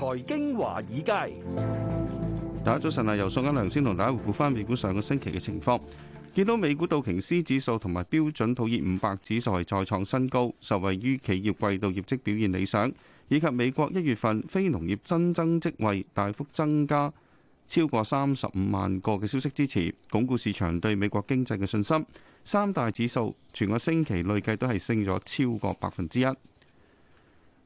財經華爾街，大家早晨啊，由宋嘉良先同大家回顧翻美股上個星期嘅情況。見到美股道瓊斯指數同埋標準普爾五百指數係再創新高，受惠於企業季度業績表現理想，以及美國一月份非農業新增職位大幅增加超過三十五萬個嘅消息支持，鞏固市場對美國經濟嘅信心。三大指數全個星期累計都係升咗超過百分之一。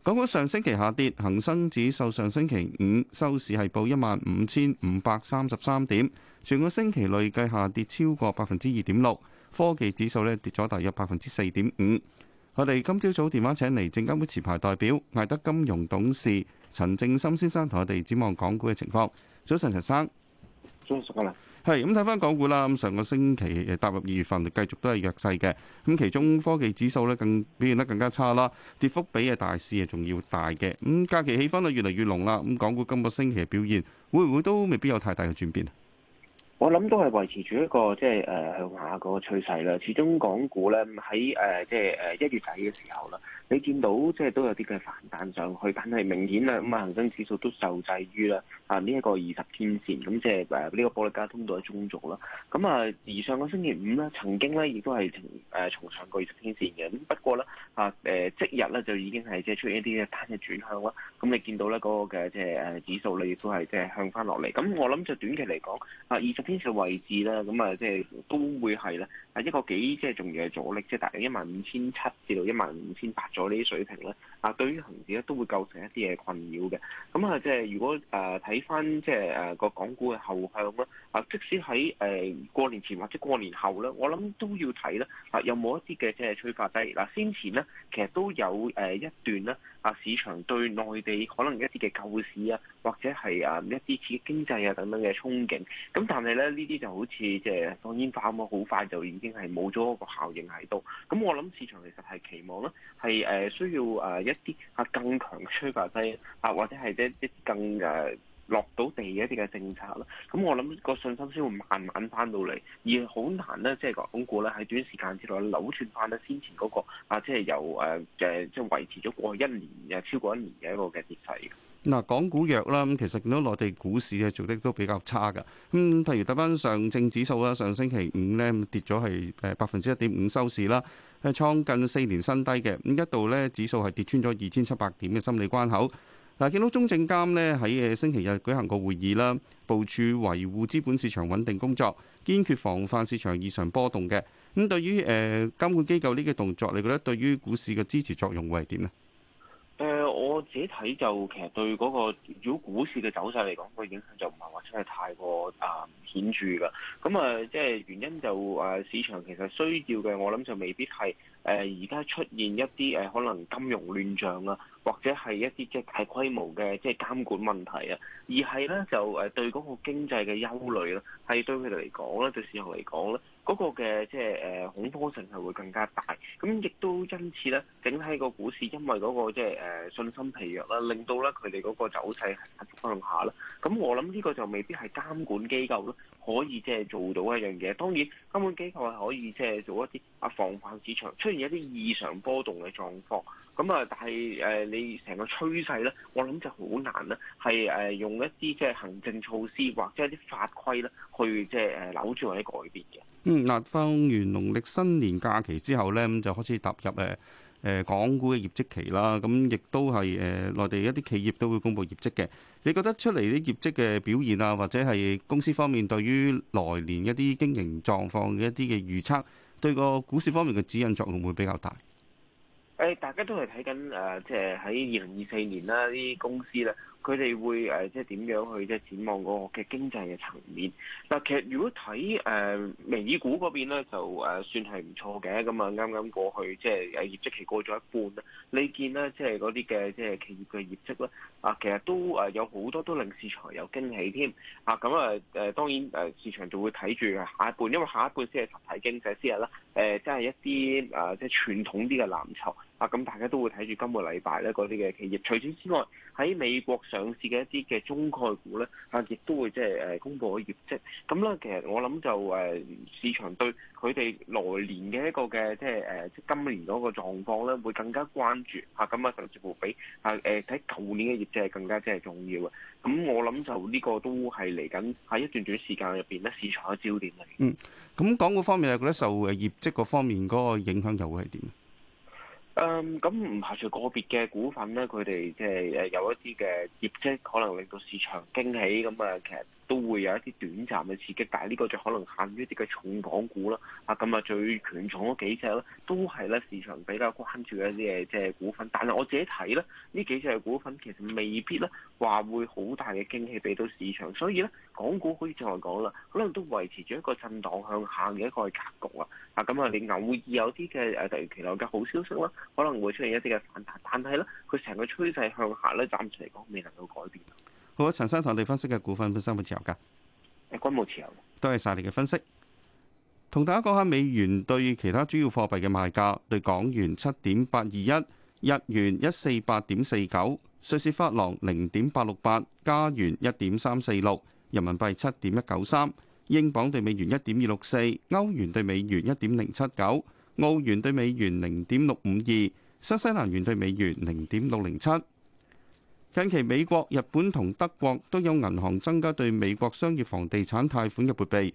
港股上星期下跌，恒生指數上星期五收市係報一萬五千五百三十三點，全個星期累計下跌超過百分之二點六。科技指數呢，跌咗大約百分之四點五。我哋今朝早，早電話請嚟證監會持牌代表艾德金融董事陳正森先生同我哋展望港股嘅情況。早晨，陳生。嗯嗯嗯係，咁睇翻港股啦。咁上個星期踏入二月份，繼續都係弱勢嘅。咁其中科技指數咧，更表現得更加差啦，跌幅比啊大市啊仲要大嘅。咁假期氣氛啊越嚟越濃啦。咁港股今個星期嘅表現，會唔會都未必有太大嘅轉變？我諗都係維持住一個即係誒向下嗰個趨勢啦。始終港股咧喺誒即係誒一月底嘅時候啦，你見到即係都有啲嘅反彈上去，但係明顯啦咁啊，恆、嗯、生指數都受制於啦啊呢一個二十天線咁即係誒呢個保力加通道嘅中軸啦。咁啊而上個星期五咧曾經咧亦都係從重上過二十天線嘅，咁不過咧啊、呃、即日咧就已經係即係出現一啲嘅單嘅轉向啦。咁你見到咧嗰、那個嘅即係誒指數咧亦都係即係向翻落嚟。咁我諗就短期嚟講啊二十。天嘅位置啦，咁啊，即係都會係啦。啊，一個幾即係重要嘅阻力，即係大概一萬五千七至到一萬五千八咗呢啲水平咧。啊，對於恆指咧都會構成一啲嘅困擾嘅。咁啊，即係如果誒睇翻即係誒個港股嘅後向啦，啊，即使喺誒過年前或者過年後咧，我諗都要睇咧啊，有冇一啲嘅即係催化劑嗱？先前咧其實都有誒一段咧。啊！市場對內地可能一啲嘅救市啊，或者係啊一啲刺激經濟啊等等嘅憧憬，咁但係咧呢啲就好似即係放煙花咁好快就已經係冇咗個效應喺度。咁我諗市場其實係期望咧，係誒、呃、需要誒、呃、一啲啊更強嘅催化劑啊，或者係一啲更誒。呃落到地嘅一啲嘅政策咯，咁我諗個信心先會慢慢翻到嚟，而好難呢，即係港股咧喺短時間之內扭轉翻呢先前嗰、那個啊，即係由誒誒、呃、即係維持咗過去一年嘅超過一年嘅一個嘅跌勢嗱，港股弱啦，咁其實見到內地股市咧做得都比較差嘅，咁譬如睇翻上證指數啦，上星期五呢跌咗係誒百分之一點五收市啦，係創近四年新低嘅，咁一度呢指數係跌穿咗二千七百點嘅心理關口。嗱，見到中證監咧喺誒星期日舉行個會議啦，部署維護資本市場穩定工作，堅決防範市場異常波動嘅。咁對於誒監管機構呢個動作，你覺得對於股市嘅支持作用會係點呢？誒、呃、我自己睇就其實對嗰、那個如果股市嘅走勢嚟講，個影響就唔係話真係太過啊、呃、顯著㗎。咁啊，即、呃、係、就是、原因就誒、呃、市場其實需要嘅，我諗就未必係誒而家出現一啲誒、呃、可能金融亂象啊，或者係一啲即係大規模嘅即係監管問題啊，而係咧就誒對嗰個經濟嘅憂慮啦，係對佢哋嚟講咧對市場嚟講咧。嗰個嘅即係誒恐慌性係會更加大，咁亦都因此咧，整體個股市因為嗰、那個即係誒信心疲弱啦，令到咧佢哋嗰個走勢係反向下啦。咁我諗呢個就未必係監管機構咧可以即係、呃、做到一樣嘢。當然監管機構係可以即係、呃、做一啲啊防範市場出現一啲異常波動嘅狀況。咁啊、呃，但係、呃、你成個趨勢咧，我諗就好難咧係、呃、用一啲即係行政措施或者一啲法規咧去即係、呃、扭轉或者改變嘅。嗯，嗱，放完農曆新年假期之後咧，咁就開始踏入誒誒、呃、港股嘅業績期啦。咁亦都係誒、呃、內地一啲企業都會公布業績嘅。你覺得出嚟啲業績嘅表現啊，或者係公司方面對於來年一啲經營狀況嘅一啲嘅預測，對個股市方面嘅指引作用會,會比較大？誒，大家都係睇緊誒，即係喺二零二四年啦，啲公司咧。佢哋會誒即係點樣去即係展望嗰個嘅經濟嘅層面。嗱，其實如果睇誒美股嗰邊咧，就誒算係唔錯嘅咁啊。啱啱過去即係誒業績期過咗一半啦，你見咧即係嗰啲嘅即係企業嘅業績咧，啊，其實都誒有好多都令市場有驚喜添。啊，咁啊誒當然誒市場就會睇住下一半，因為下一半先係實體經濟先係啦。誒，即係一啲誒即係傳統啲嘅藍籌。啊，咁大家都會睇住今個禮拜咧嗰啲嘅企業。除此之外，喺美國上市嘅一啲嘅中概股咧，啊，亦都會即係、呃、公佈嘅業績。咁咧，其實我諗就、呃、市場對佢哋來年嘅一個嘅即係即係今年嗰個狀況咧，會更加關注。吓，咁啊，甚至乎比啊呃、睇舊年嘅業績係更加即係重要嘅。咁我諗就呢個都係嚟緊喺一段段時間入面咧，市場嘅焦點嚟。嗯，咁港股方面係覺得受業績嗰方面嗰個影響就會係點？咁唔、嗯、排除個別嘅股份咧，佢哋即係有一啲嘅業績，可能令到市場驚喜咁啊、嗯，其實，都會有一啲短暫嘅刺激，但係呢個就可能限於一啲嘅重港股啦。啊，咁啊最權重嗰幾隻都係咧市場比較關注嘅一啲嘅即係股份。但係我自己睇咧，呢幾隻嘅股份其實未必咧話會好大嘅驚喜俾到市場。所以咧，港股可以再講啦，可能都維持住一個震盪向下嘅一個格局啊。啊，咁啊，你偶爾會有啲嘅誒突如其來嘅好消息啦，可能會出現一啲嘅反彈，但係咧佢成個趨勢向下咧，暫時嚟講未能夠改變。好，陳生，同你分析嘅股份本身有冇持有噶？均冇持有，都係晒你嘅分析。同大家講下美元對其他主要貨幣嘅賣價：對港元七點八二一，日元一四八點四九，瑞士法郎零點八六八，加元一點三四六，人民幣七點一九三，英鎊對美元一點二六四，歐元對美元一點零七九，澳元對美元零點六五二，新西蘭元對美元零點六零七。近期美國、日本同德國都有銀行增加對美國商業房地產貸款嘅撥備，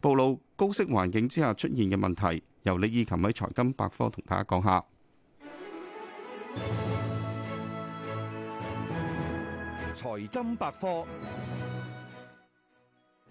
暴露高息環境之下出現嘅問題。由李義琴喺財金百科同大家講下財金百科。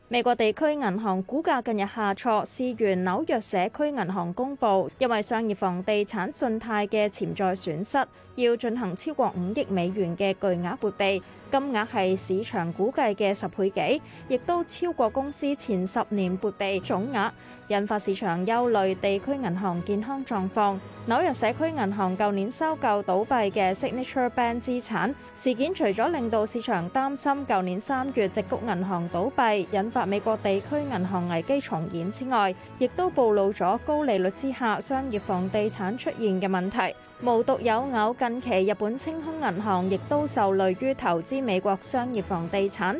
美國地區銀行股價近日下挫，事源紐約社區銀行公佈，因為商業房地產信貸嘅潛在損失，要進行超過五億美元嘅巨額撥備，金額係市場估計嘅十倍幾，亦都超過公司前十年撥備總額，引發市場憂慮地區銀行健康狀況。紐約社區銀行舊年收購倒閉嘅 Signature Bank 資產事件，除咗令到市場擔心舊年三月矽谷銀行倒閉，引發美國地區銀行危機重演之外，亦都暴露咗高利率之下商業房地產出現嘅問題。無獨有偶，近期日本青空銀行亦都受累於投資美國商業房地產。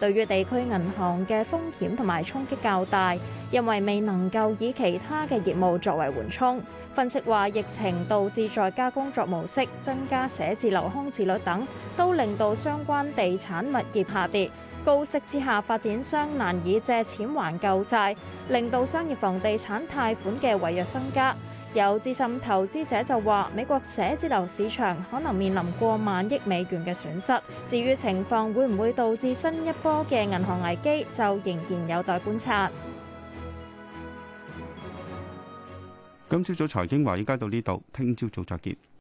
對於地區銀行嘅風險同埋衝擊較大，因為未能夠以其他嘅業務作為緩衝。分析話，疫情導致在家工作模式、增加寫字樓空置率等，都令到相關地產物業下跌。高息之下，發展商難以借錢還舊債，令到商業房地產貸款嘅違約增加。有資深投資者就話：美國寫字樓市場可能面臨過萬億美元嘅損失。至於情況會唔會導致新一波嘅銀行危機，就仍然有待觀察。今朝早財經華爾街，依家到呢度，聽朝早再見。